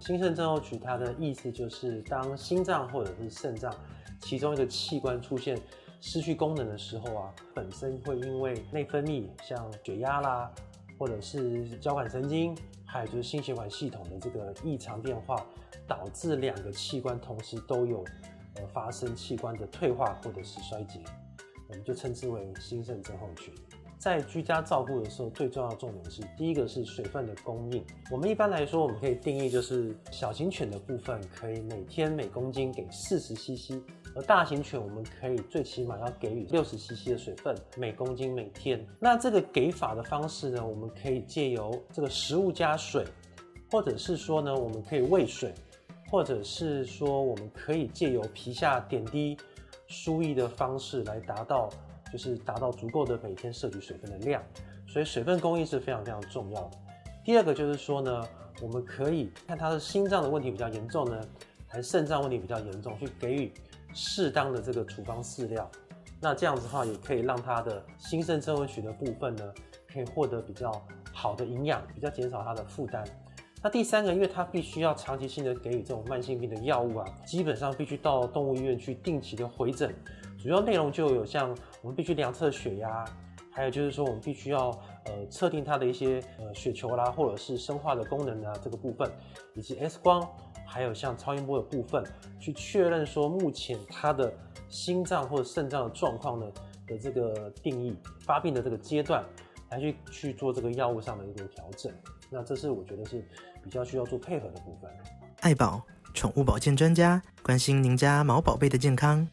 心腎症候群，它的意思就是，當心臟或者是腎臟其中一個器官出現失去功能的時候啊，本身會因為內分泌，像血壓啦，或者是交感神經，還有就是心血管系統的這個異常變化，導致兩個器官同時都有呃發生器官的退化或者是衰竭，我們就稱之為心腎症候群。在居家照顧的時候，最重要的重點是第一個是水分的供應。我們一般來說，我們可以定義就是小型犬的部分，可以每天每公斤給四十 cc；而大型犬，我們可以最起碼要給予六十 cc 的水分每公斤每天。那這個給法的方式呢，我們可以借由這個食物加水，或者是說呢，我們可以餵水，或者是說我們可以借由皮下點滴輸液的方式來達到。就是達到足夠的每天攝取水分的量，所以水分供應是非常非常重要的。第二個就是說呢，我們可以看他的心臟的問題比較嚴重呢，還是腎臟問題比較嚴重，去給予適當的這個處方飼料。那這樣子的話，也可以讓他的心腎症候群的部分呢，可以獲得比較好的營養，比較減少他的負擔。那第三個，因為他必須要長期性的給予這種慢性病的藥物啊，基本上必須到動物醫院去定期的回診。主要內容就有像我們必須量測血壓，還有就是說我們必須要呃測定它的一些呃血球啦，或者是生化的功能啊這個部分，以及 X 光，還有像超音波的部分，去確認說目前它的心臟或者腎臟的狀況呢的這個定義，發病的這個階段，來去去做這個藥物上的一個調整。那這是我覺得是比較需要做配合的部分。愛寶寵物保健專家，關心您家毛寶貝的健康。